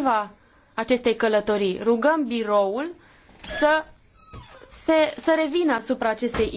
împotriva acestei călătorii. Rugăm biroul să, se, să revină asupra acestei